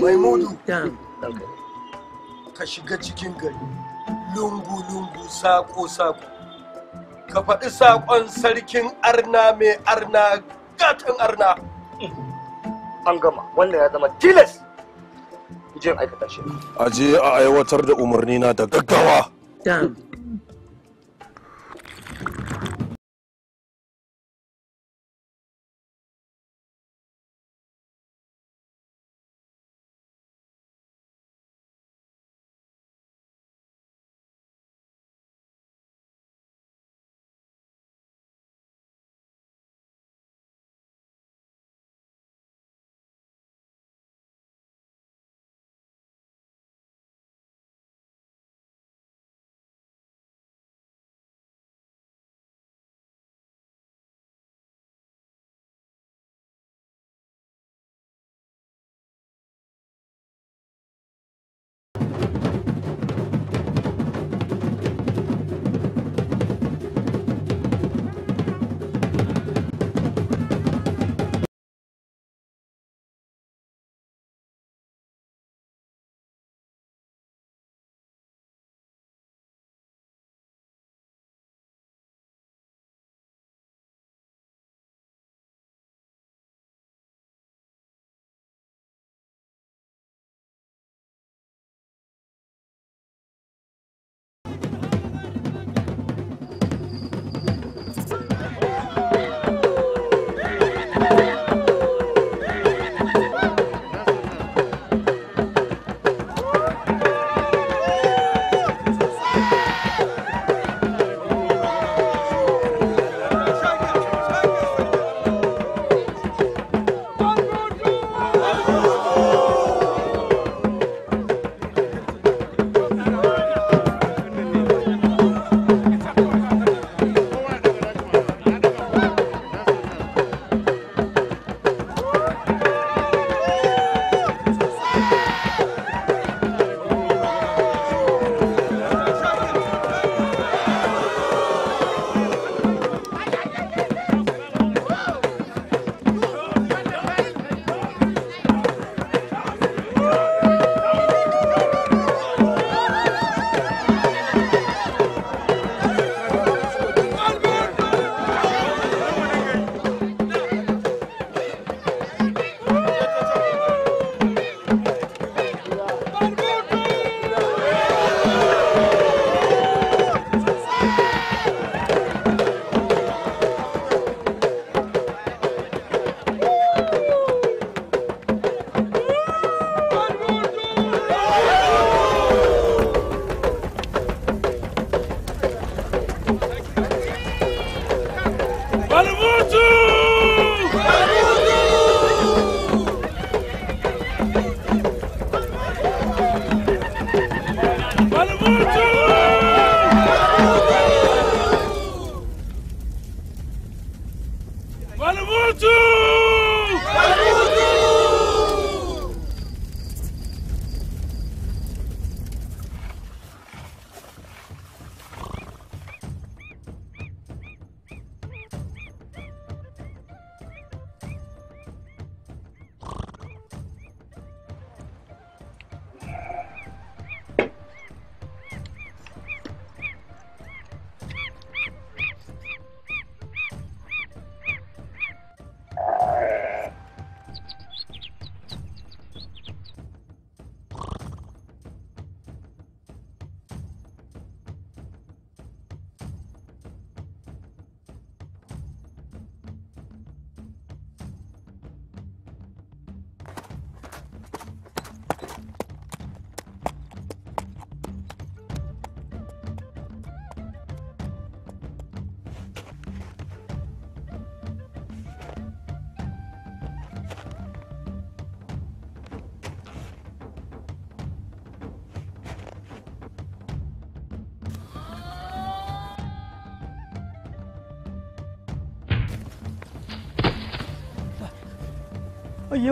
Mai ka shiga cikin gari lungu-lungu sako-sako ka faɗi saƙon sarkin arna mai arna gatan arna an gama wannan ya zama tilas jin aikata shi aje a aiwatar da umarni na da gaggawa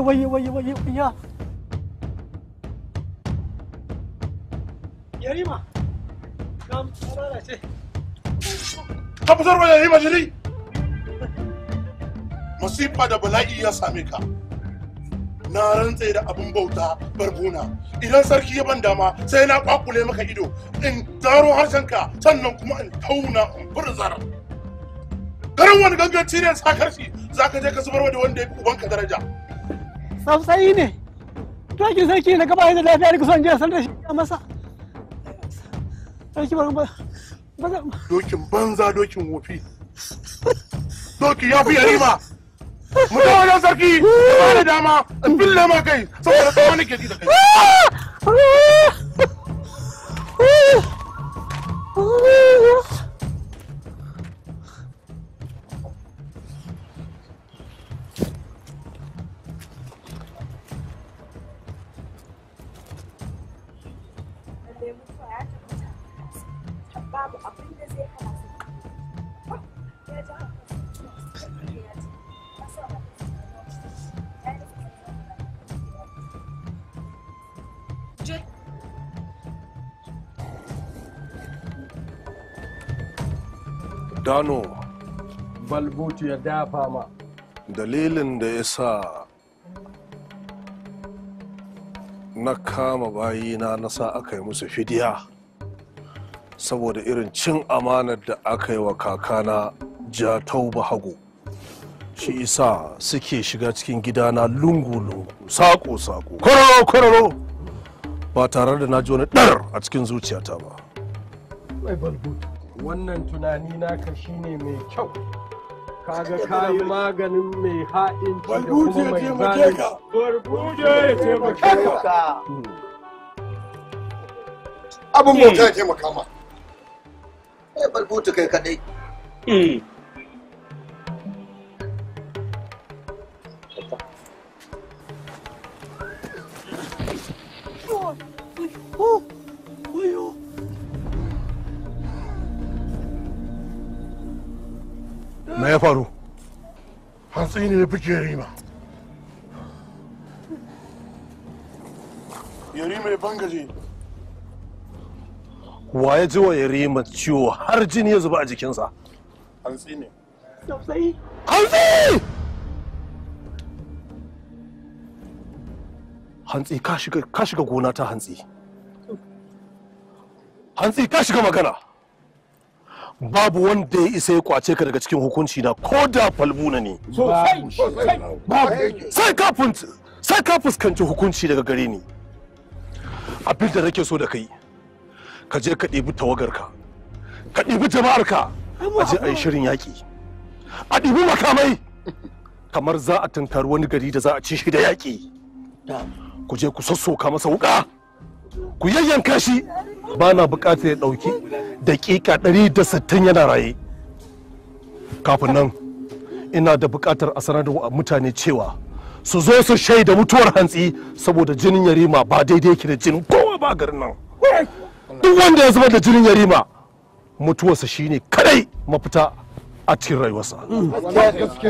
വയ്യ വയ്യ yarima ce ka fitar wa yarima da bala'i ya same ka na rantse da abin bauta barbuna idan sarki ya ban dama sai na kwakule maka ido in taro harshenka sannan kuma in tauna in furzar garin wani ganganci ne sakarci za ka je ka zubar da wanda ya fi ubanka daraja tsautsayi ne dokin sarki na gaba da lafiya da kusan jiya san da shi a masa sarki ba ba dokin banza dokin wofi doki ya fi yarima mu da wajen sarki ba da dama in fille ma kai saboda tsawon nake ji da kai Oh Dano. Balbutu ya dafa ma. Dalilin da ya sa na kama bayina na sa aka yi musu fidiya saboda irin cin amanar da aka yi wa kakana jatau hagu shi isa suke shiga cikin gidana lungu-lungu sako-sako kwararo-kwararo ba tare da na ji wani ɗar a cikin zuciyata ba. Mai balbutu. wannan tunani naka shine mai kyau kaga kayi maganin mai haɗin ha'in da kuma mai zane barbuje ya taimake ka hmm. abin bauta hmm. ya taimaka ma ya eh, barbuta kai kadai hmm. Oh! ya faru hantsi ne ya fi rima yari mai bangaje wa ya ji wa ya rima ciwo har jini ya zuba a jikinsa hantsi ne hantsi hantsi ka shiga gona ta hantsi hantsi ka shiga magana babu wanda ya isa ya kwace ka daga cikin hukunci na ko da falbuna ne sai kafin sai ka fuskanci hukunci daga gare ni abin da nake so da kai ka je ka ɗibi tawagarka ka ɗebi jama'arka a je a yi shirin yaƙi a ɗibi makamai kamar za a tantar wani gari da za a ci shi da yaƙi ku je ku sassoka masa wuƙa ku yayyanka shi ba na bukatar ya ɗauki daƙiƙa 160 yana raye kafin nan ina da bukatar a sanar da mutane cewa su zo su shaida mutuwar hantsi saboda jinin yarima ba daidai yake da jinin kowa ba garin nan duk wanda ya zama da jinin yarima mutuwarsa shine kadai mafita a cikin rayuwarsa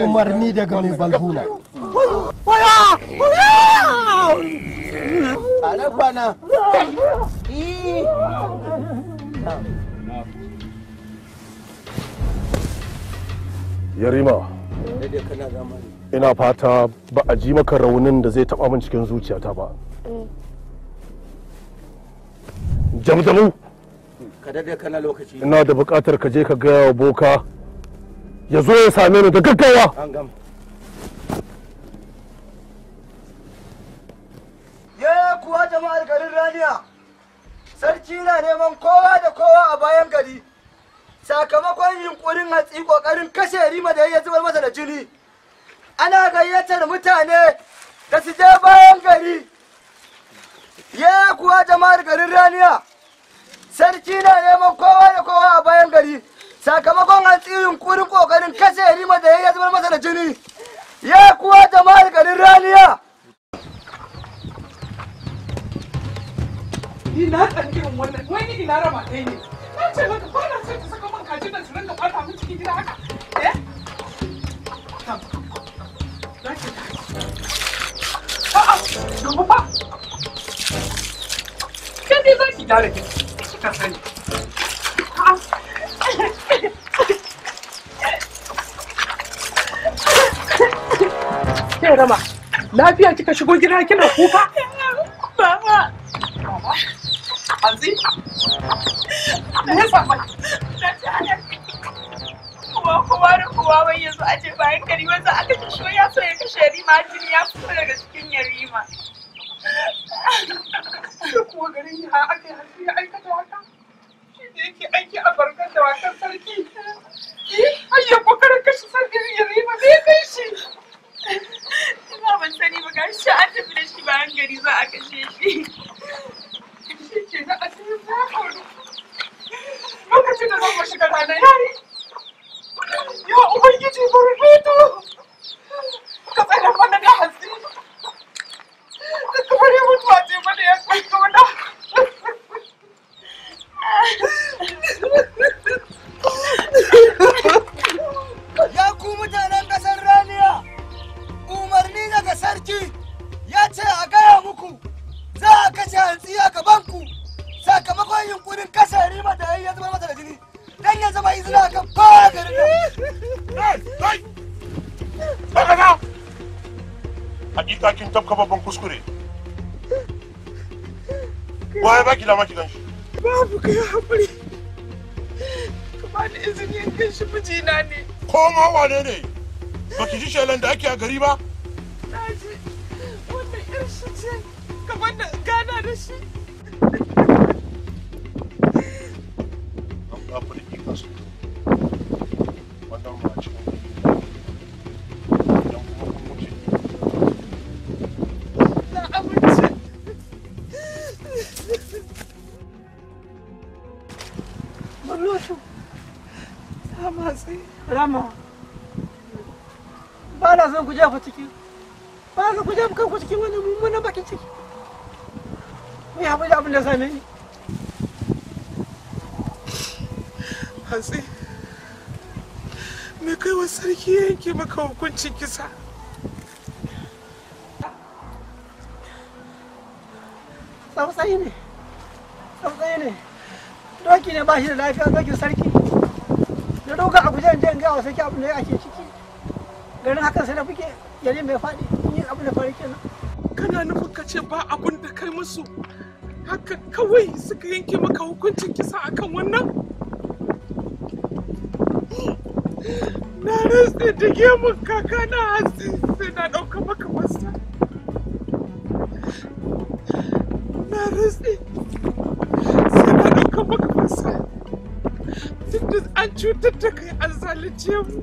umarni daga mai balhuna yarima ina fata ba a ji maka raunin da zai taba min cikin zuciyata ba mm. jamjamu ina da bukatar ka je ka gaya wa boka ya zo ya same ni da gaggawa ya kuwa jama'ar garin raniya sarki na neman kowa da kowa a bayan gari sakamakon yunkurin hatsi kokarin kashe rima da ya zubar masa da jini ana gayyatar mutane da su je bayan gari ya kuwa jama'ar garin raniya sarki na neman kowa da kowa a bayan gari sakamakon hatsirin kurin kokarin kashe yarima da ya zubar masa da jini ya kuwa da malikanin raniya ina kan wannan wani ina rama ɗaya ne na ce maka ba na son ta saka man kajin da su da ɓata min cikin gida haka eh a'a gaba ba ke dai za ki gyara ki kika sani Lafiya kika shigo gida kina kuka? Baba. Baba. Aziz. Me yasa ko ma wane ne baki ji shelan da ake a gari ba daji wannan yar shi ce kamar da gana da shi an kafa da kika su jefa cikin ba ku jefa kanku cikin wani mummunan bakin ciki ni haɓu da abin da same ni hantsi me kai wa sarki yanke maka hukuncin kisa tsautsayi ne tsautsayi ne doki ne ba shi da lafiya dokin sarki na doka a gujen jan gawa sarki abin da ya ake ciki garin hakan sai da kuke yare mai faɗi in yi abu da fari kenan kana nufin ka ce ba abun da kai musu haka kawai suka yanke maka hukuncin kisa akan wannan na rasu da gemun kaka na hatsi sai na ɗauka maka masa na rasu sai na ɗauka maka masa duk da an cutar da kai an zalunce mu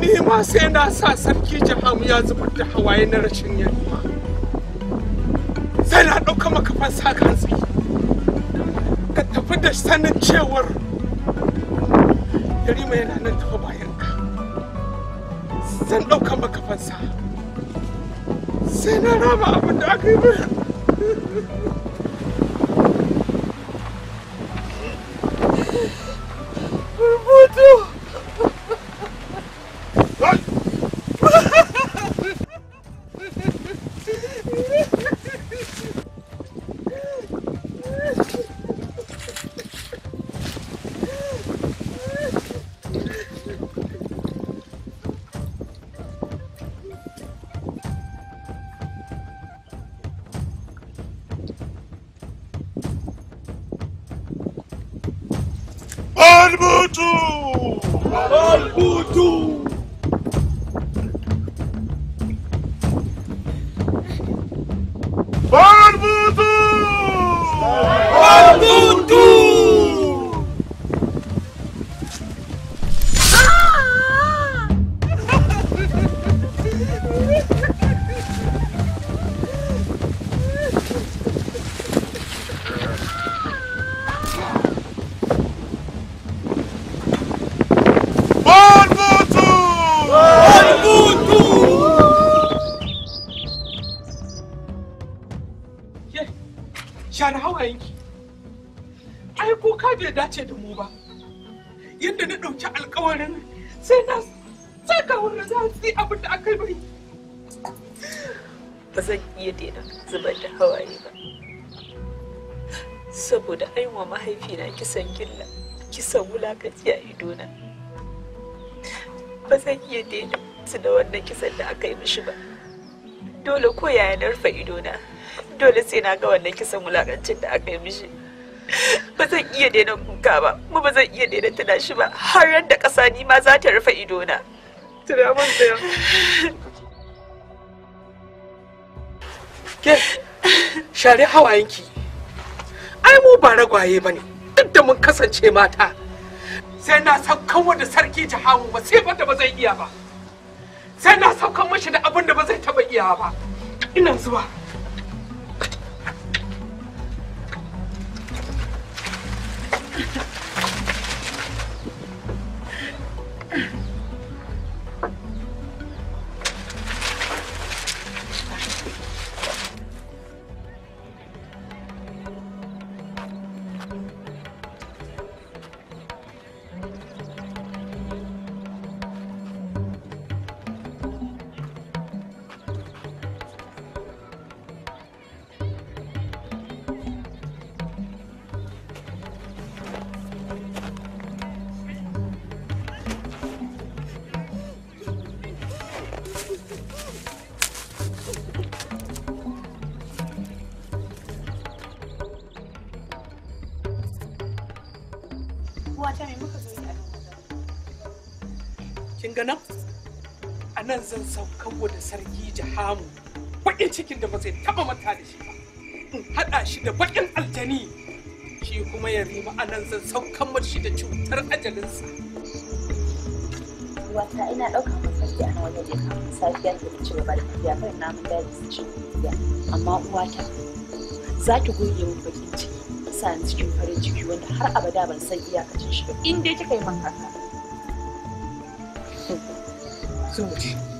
ni ma sai na sa sarki jahamu ya zubar da hawaye na rashin yalima sai na ɗauka maka fansa kansu ka tafi da sanin cewar yarima yana nan tafi bayan ka zan ɗauka maka fansa sai na rama abin da aka yi min Tutu! bai dace da mu ba yadda na ɗauki alkawarin sai na saka wanda za su yi abin da aka yi ba zan iya daina zubar da hawaye ba saboda aiwa mahaifina kisan gilla kisan wulakaci a idona ba zan iya daina su da wannan kisan da aka yi mishi ba dole ko yaya na rufe idona dole sai na ga wannan kisan wulakancin da aka yi mishi ba zan iya daina kuka ba kuma ba zan iya daina tana shi ba har ran da ƙasa ni ma za ta rufe idona tuna mun da ke share hawayenki ai mu ba ragwaye bane duk da mun kasance mata sai na saukan wanda sarki ta jahamu ba sai da ba zai iya ba sai na saukan mashi da abin da ba zai taba iya ba ina zuwa kin ga nan a nan zan saukarwa da sarki jahamu baƙin cikin da ba zai taɓa manta da shi ba in haɗa shi da baƙin aljani shi kuma ya rima a nan zan saukan shi da cutar ajalinsa wata ina ɗauka mafarki a wajen da kamun safiyar da ta ba gaba da tafiya kan namun daji su ci amma uwata za ta goge min baƙin ciki sa cikin farin ciki wanda har abada ban san iyakacin shi ba in dai kika yi man haka 哎。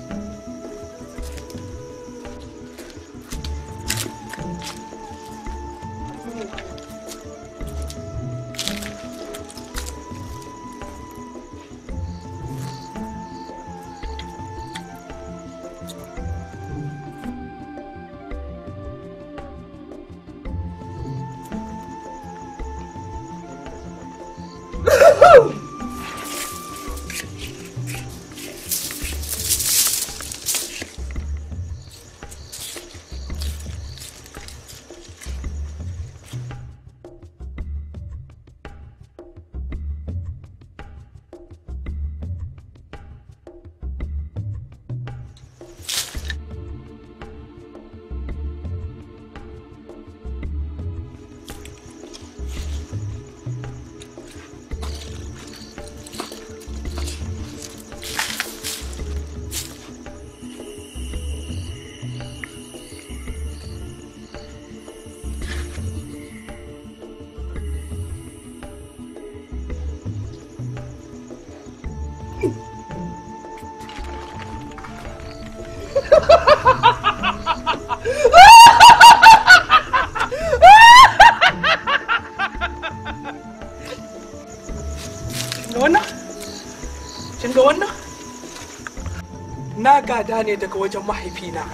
gada ne daga wajen mahaifina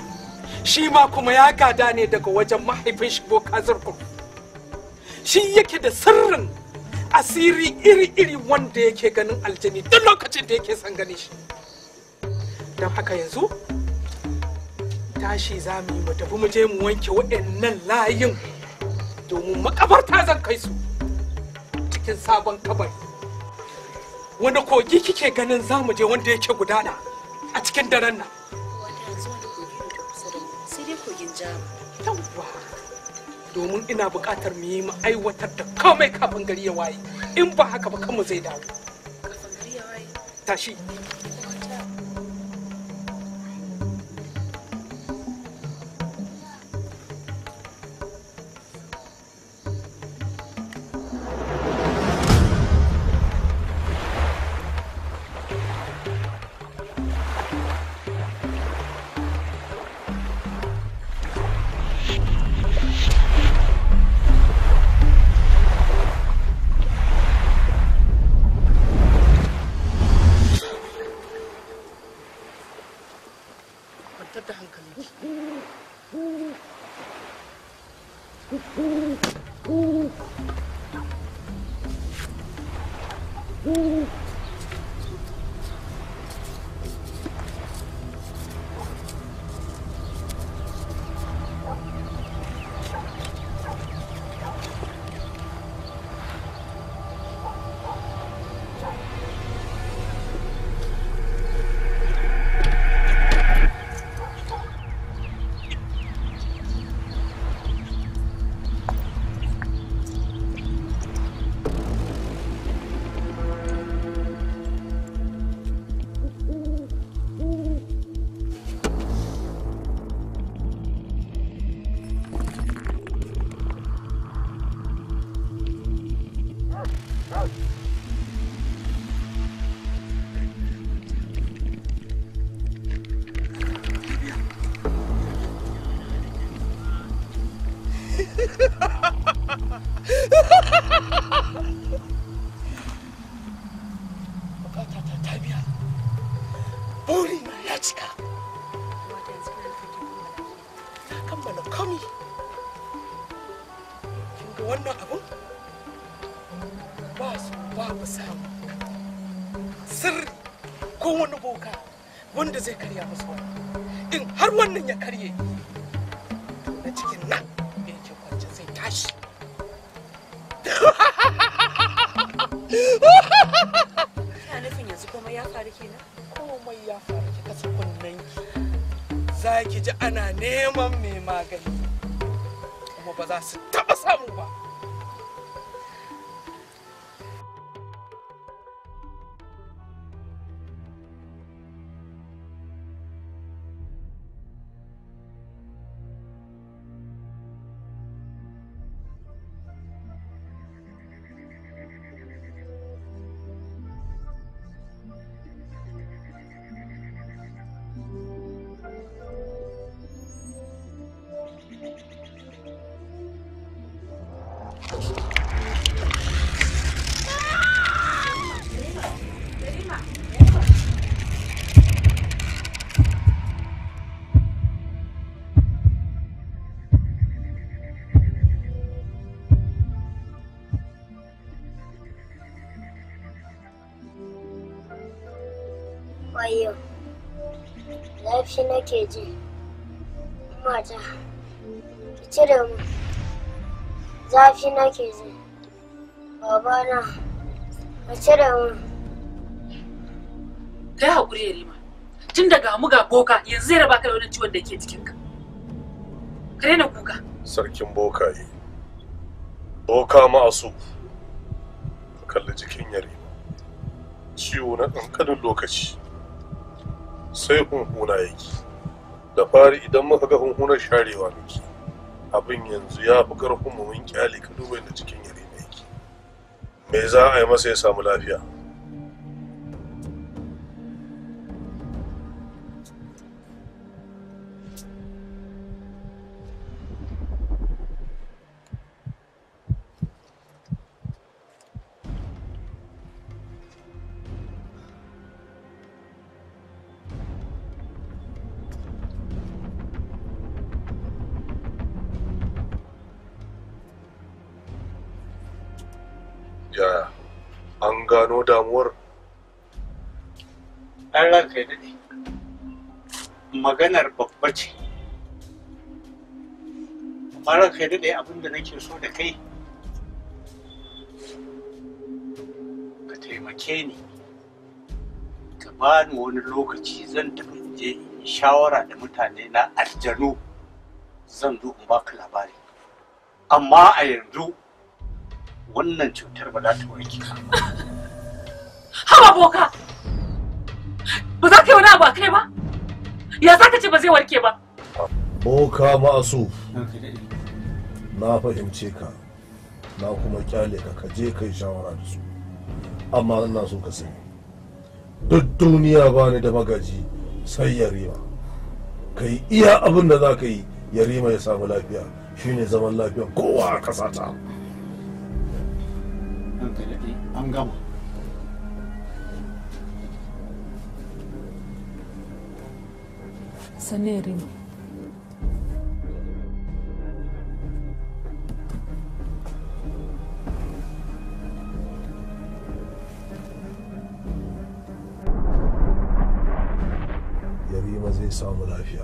shi ma kuma ya gada ne daga wajen mahaifin shi bokazirku shi yake da sirrin asiri iri-iri wanda yake ganin aljani duk lokacin da yake son gani shi don haka yanzu tashi za mu yi mu tafi mu je mu wanke waɗannan layin domin makabarta zan kai su cikin sabon kabar wani kogi kike ganin za mu je wanda yake gudana a cikin daren nan domin ina buƙatar mu yi mu aiwatar da komai kafin gari ya waye in ba haka ba kanmu zai dawo tashi da hankali Ooh. komai ya faru ki kasa kunnen za ki ji ana neman mai magani kuma ba za su taba samu ba a yau zafi nake ji mata ki cire mu zafi nake ji babana ka cire mu kai haƙuri ya rima tun daga mu ga boka yanzu zai raba kai da wani ciwon da ke jikinka ka daina kuka sarkin boka yi boka ma'asu kalli jikin yare. ciwo na ƙanƙanin lokaci sai hunhuna yake da fari idan muka ga hunhunar sharewa ki abin yanzu ya fi karfin mu mun kyale ka da cikin yare yake me za a yi masa ya samu lafiya gano damuwar an ranka ya maganar babba ce amma ranka ya daɗe abin da nake so da kai ka taimake ni ka bani wani lokaci zan tafi je shawara da mutane na aljanu zan zo in baka labari amma a yanzu wannan cutar ba za ta warke ba Haba boka! Ba za ka yi wani abu a kai ba? Ya za ka ce ba zai warke ba? Boka masu. Na fahimce ka. Na kuma kyale ka ka je kai shawara da su. Amma ina so ka sani. Duk duniya ba ni da magaji sai yarima. Ka yi iya abin da za ka yi yarima ya samu lafiya. shine zaman lafiya kowa a ƙasata. An gama. Sanerim. Yarima zai samu lafiya.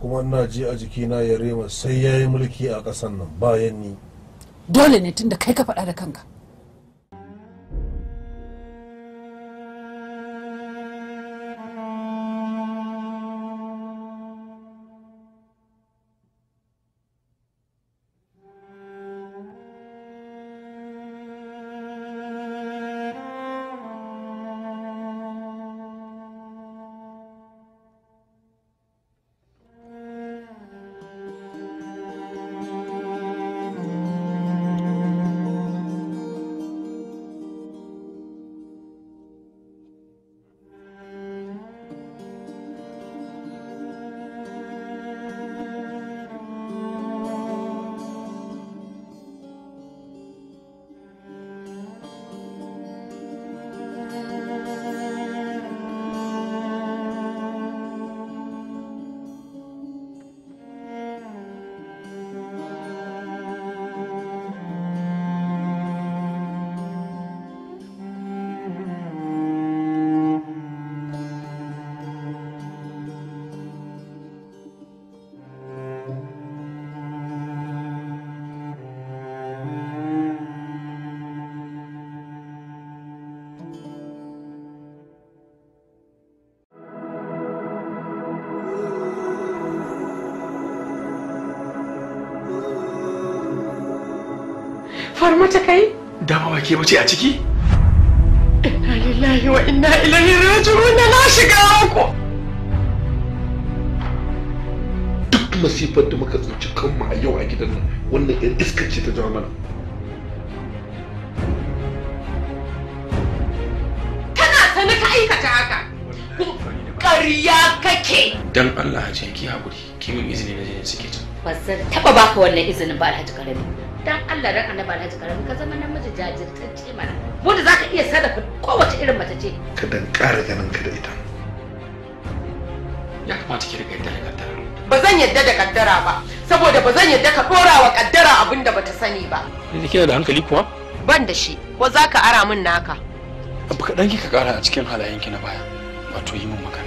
Kuma ina ji a jikina Yarima sai yayi mulki a ƙasan nan bayan ni. Dole ne tunda kai ka faɗa da kanka. kamar mata kai dama ba ke bace a ciki inna lillahi wa inna ilaihi raji'un na shiga ku duk masifar da muka tsinci kanmu a yau a gidan nan wannan yan iskar ce ta jawo mana kana sani ka aikata haka ƙarya kake dan Allah hajiya ki haƙuri ki min izini na je suke can ba zan taɓa baka wannan izinin ba alhaji karami dan Allah dan annaba Alhaji Karami ka zama namiji jajirtacce mana wanda zaka iya sarrafa kowace irin mace ce ka dan ƙara ganin ka da ita ya kamata ki riga da kaddara ba zan yadda da kaddara ba saboda ba zan yadda ka dora wa kaddara abin da bata sani ba ni kina da hankali kuwa ban da shi ko zaka ara min naka abu kaɗan ka ƙara a cikin halayenki na baya wato yi min magana